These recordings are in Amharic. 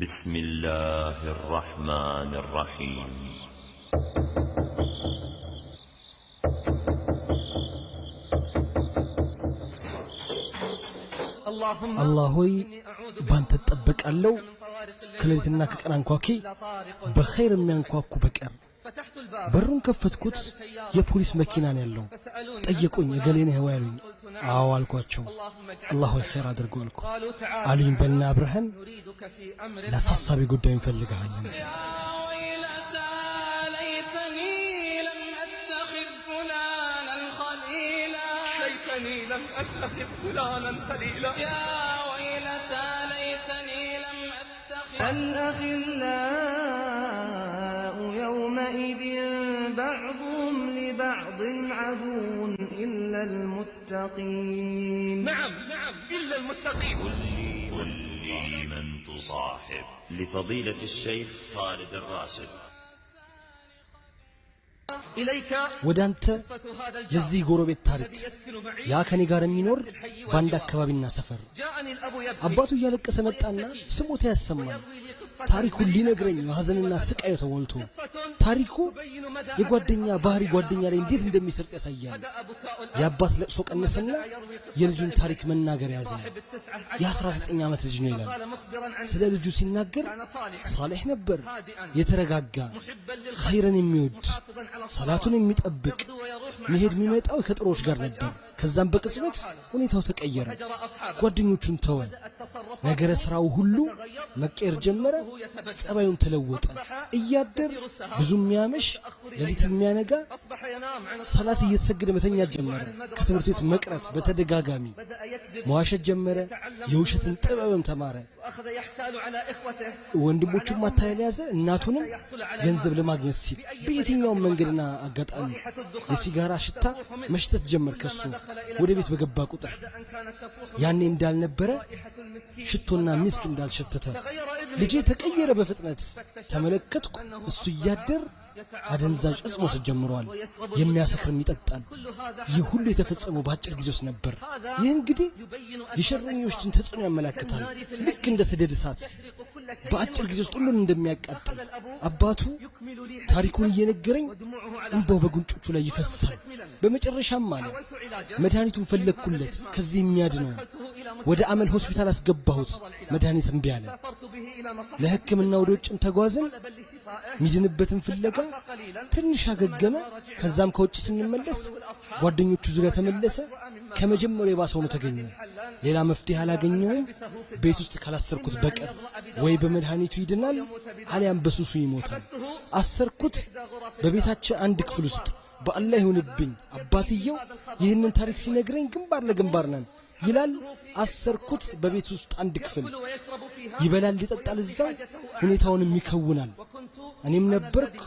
بسم الله الرحمن الرحيم አላህ ሆይ ባንተ እጠበቃለሁ ከሌሊትና ከቀን አንኳኪ በኸይር የሚያንኳኩ በቀር በሩን ከፈትኩት የፖሊስ መኪናን ያለው ጠየቁኝ እገሌን ህዋ ያሉኝ አዋልኳቸው አላሁ ኸይር አድርጎልኩ አሉኝ በልን አብርሃም ለሳሳቢ ጉዳይ እንፈልግሃለን ليتني لم أتخذ فلانا خليلا يا ويلتى ليتني لم أتخذ الأخلاق بعض عدو إلا المتقين نعم نعم إلا المتقين قل لي من تصاحب لفضيلة الشيخ خالد الراشد إليك ودانت يزي غروب التارك يا كني غار منور باندك كبابنا سفر أباتو يالك سمتانا سموت يسمان ታሪኩን ሊነግረኝ ሀዘንና ስቃይ ተሞልቶ ታሪኩ የጓደኛ ባህሪ ጓደኛ ላይ እንዴት እንደሚሰርጽ ያሳያል። የአባት ለቅሶ ቀነሰና የልጁን ታሪክ መናገር ያዘ። የ19 ዓመት ልጅ ነው ይላል። ስለ ልጁ ሲናገር ሳሌሕ ነበር፣ የተረጋጋ ኸይረን የሚወድ ሰላቱን የሚጠብቅ መሄድ የሚመጣው ከጥሮዎች ጋር ነበር። ከዛም በቅጽበት ሁኔታው ተቀየረ። ጓደኞቹን ተወ። ነገረ ስራው ሁሉ መቀየር ጀመረ። ጸባዩን ተለወጠ። እያደር ብዙ የሚያመሽ ሌሊት የሚያነጋ ሰላት እየተሰገደ መተኛት ጀመረ። ከትምህርት ቤት መቅረት በተደጋጋሚ መዋሸት ጀመረ። የውሸትን ጥበብም ተማረ። ወንድሞቹ ማታለል ያዘ። እናቱንም ገንዘብ ለማግኘት ሲል በየትኛውም መንገድና አጋጣሚ የሲጋራ ሽታ መሽተት ጀመር። ከሱ ወደ ቤት በገባ ቁጥር ያኔ እንዳልነበረ ሽቶና ሚስክ እንዳልሸተተ ልጄ ተቀየረ በፍጥነት ተመለከትኩ። እሱ እያደር አደንዛዥ እጽ መውሰድ ጀምሯል። የሚያሰክርም ይጠጣል። ይህ ሁሉ የተፈጸመው በአጭር ጊዜ ውስጥ ነበር። ይህ እንግዲህ የሸረኞችን ተጽዕኖ ያመላክታል። ልክ እንደ ሰደድ እሳት በአጭር ጊዜ ውስጥ ሁሉን እንደሚያቃጥል። አባቱ ታሪኩን እየነገረኝ እንባው በጉንጮቹ ላይ ይፈሳል። በመጨረሻም አለ መድኃኒቱን ፈለግኩለት ከዚህ የሚያድነው ወደ አመል ሆስፒታል አስገባሁት። መድኃኒት እምቢ አለ። ለሕክምና ወደ ውጭም ተጓዝን። ሚድንበትን ፍለጋ ትንሽ አገገመ። ከዛም ከውጭ ስንመለስ ጓደኞቹ ዙሪያ ተመለሰ። ከመጀመሪያው የባሰ ሆኖ ተገኘ። ሌላ መፍትሄ አላገኘውም። ቤት ውስጥ ካላሰርኩት በቀር ወይ በመድኃኒቱ ይድናል፣ አሊያም በሱሱ ይሞታል። አሰርኩት በቤታችን አንድ ክፍል ውስጥ። በአላህ ይሁንብኝ አባትየው ይህንን ታሪክ ሲነግረኝ ግንባር ለግንባር ነን። ይላል። አሰርኩት በቤት ውስጥ አንድ ክፍል ይበላል፣ ይጠጣል፣ እዛው ሁኔታውንም ይከውናል። እኔም ነበርኩ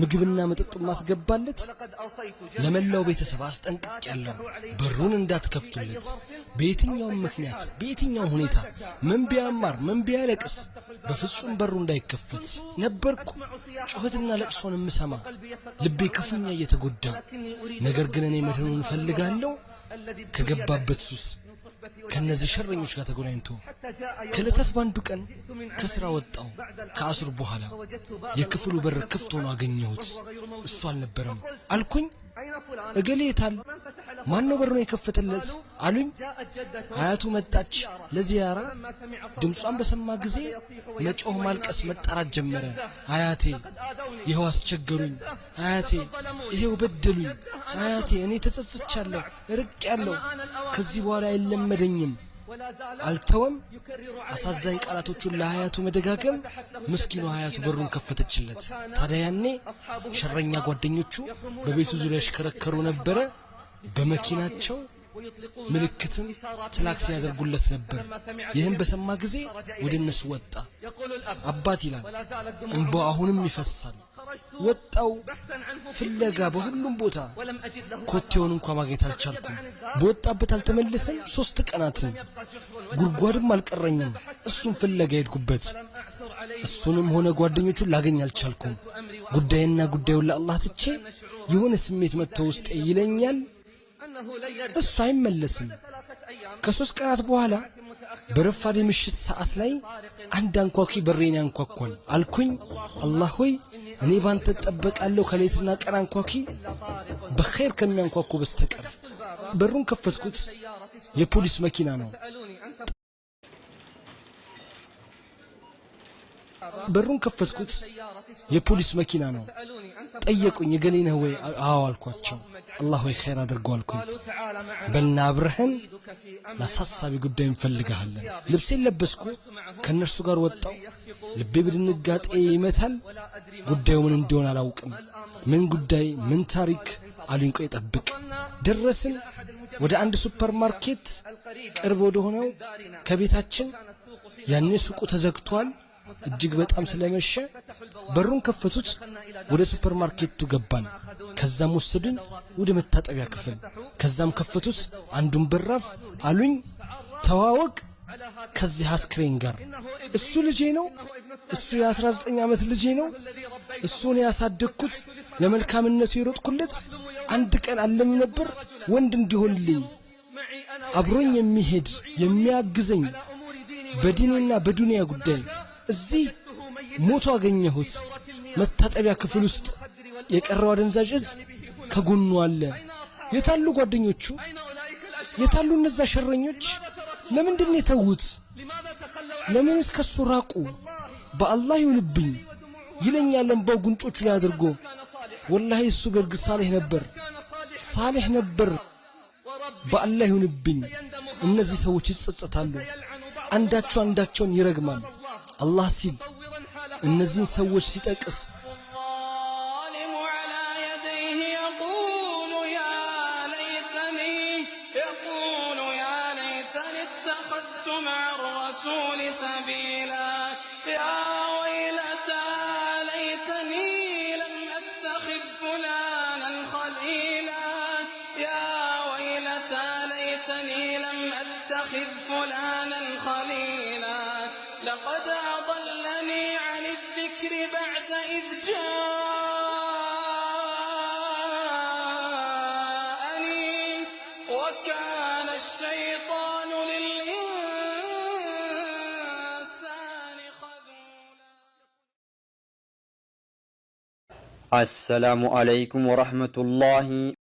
ምግብና መጠጥ ማስገባለት። ለመላው ቤተሰብ አስጠንቅቅ ያለው በሩን እንዳትከፍቱለት፣ በየትኛውም ምክንያት በየትኛውም ሁኔታ ምን ቢያማር ምን ቢያለቅስ በፍጹም በሩ እንዳይከፈት ነበርኩ። ጩኸትና ለቅሶን የምሰማ ልቤ ክፉኛ እየተጎዳ ነገር ግን እኔ መድህኑን እፈልጋለሁ ከገባበት ሱስ ከነዚህ ሸረኞች ጋር ተጎናኝቶ ከዕለታት በአንዱ ቀን ከስራ ወጣው። ከአስር በኋላ የክፍሉ በር ክፍት ሆኖ አገኘሁት። እሱ አልነበረም። አልኩኝ እገሌ የታል? ማን ነው በሩን የከፈተለት አሉኝ። አያቱ መጣች ለዚያራ። ድምጿን በሰማ ጊዜ መጮህ፣ ማልቀስ፣ መጣራት ጀመረ። አያቴ ይኸው አስቸገሩኝ፣ አያቴ ይኸው በደሉኝ፣ አያቴ እኔ ተጸጽቻለሁ፣ ርቅ ያለው ከዚህ በኋላ አይለመደኝም። አልተወም። አሳዛኝ ቃላቶቹን ለሀያቱ መደጋገም ምስኪኑ ሀያቱ በሩን ከፈተችለት። ታዲያ ያኔ ሸረኛ ጓደኞቹ በቤቱ ዙሪያ ያሽከረከሩ ነበረ። በመኪናቸው ምልክትም ትላክ ሲያደርጉለት ነበር። ይህም በሰማ ጊዜ ወደ እነሱ ወጣ። አባት ይላል እንቦ አሁንም ይፈሳል። ወጣው ፍለጋ በሁሉም ቦታ ኮቴውን እንኳ ማግኘት አልቻልኩም። በወጣበት አልተመለሰም። ሶስት ቀናትን ጉድጓድም አልቀረኝም። እሱን ፍለጋ ሄድኩበት። እሱንም ሆነ ጓደኞቹን ላገኝ አልቻልኩም። ጉዳይና ጉዳዩን ለአላህ ትቼ የሆነ ስሜት መጥቶ ውስጥ ይለኛል እሱ አይመለስም። ከሶስት ቀናት በኋላ በረፋድ ምሽት ሰዓት ላይ አንድ አንኳኪ በሬን ያንኳኳል። አልኩኝ አላህ ሆይ እኔ ባንተ እጠበቃለሁ ከሌትና ቀን አንኳኪ በኸይር ከሚያንኳኩ በስተቀር። በሩን ከፈትኩት፣ የፖሊስ መኪና ነው። በሩን ከፈትኩት። የፖሊስ መኪና ነው። ጠየቁኝ፣ እገሌ ነህ ወይ? አዎ አልኳቸው። አላህ ወይ ኸይር አድርጎ አልኩኝ። በልና አብረህን ለአሳሳቢ ጉዳይ እንፈልግሃለን። ልብሴን ለበስኩ፣ ከእነርሱ ጋር ወጣው። ልቤ በድንጋጤ ይመታል። ጉዳዩ ምን እንደሆነ አላውቅም። ምን ጉዳይ ምን ታሪክ አሉኝ። ቆይ ጠብቅ። ደረስን ወደ አንድ ሱፐር ማርኬት ቅርብ ወደሆነው ከቤታችን። ያኔ ሱቁ ተዘግቷል። እጅግ በጣም ስለመሸ በሩን ከፈቱት። ወደ ሱፐር ማርኬቱ ገባን። ከዛም ወሰዱኝ ወደ መታጠቢያ ክፍል። ከዛም ከፈቱት። አንዱን በራፍ አሉኝ፣ ተዋወቅ ከዚህ አስክሬን ጋር እሱ ልጄ ነው። እሱ የ19 ዓመት ልጄ ነው። እሱን ያሳደግኩት ለመልካምነቱ የሮጥኩለት አንድ ቀን አለም ነበር ወንድ እንዲሆንልኝ አብሮኝ የሚሄድ የሚያግዘኝ በዲኔና በዱንያ ጉዳይ እዚህ ሞቶ አገኘሁት። መታጠቢያ ክፍል ውስጥ የቀረው አደንዛዥ እጽ ከጎኑ አለ። የታሉ ጓደኞቹ? የታሉ እነዛ ሸረኞች? ለምንድን የተዉት? ለምን እስከሱ ራቁ? በአላህ ይሁንብኝ ይለኛል እንባው ጉንጮቹ ላይ አድርጎ። ወላሂ እሱ በእርግጥ ሳሌሕ ነበር፣ ሳሌሕ ነበር። በአላህ ይሁንብኝ። እነዚህ ሰዎች ይጸጸታሉ፣ አንዳቸው አንዳቸውን ይረግማል። الله سيل النزن سوش ستاكس الظالم على يديه يقول يا ليتني يقول يا ليتني اتخذت مع الرسول سبيلا يا ويلتا ليتني لم اتخذ فلانا خليلا يا ويلتا ليتني لم اتخذ فلانا خليلا لقد أضلني عن الذكر بعد إذ جاءني وكان الشيطان للإنسان خذولا السلام عليكم ورحمة الله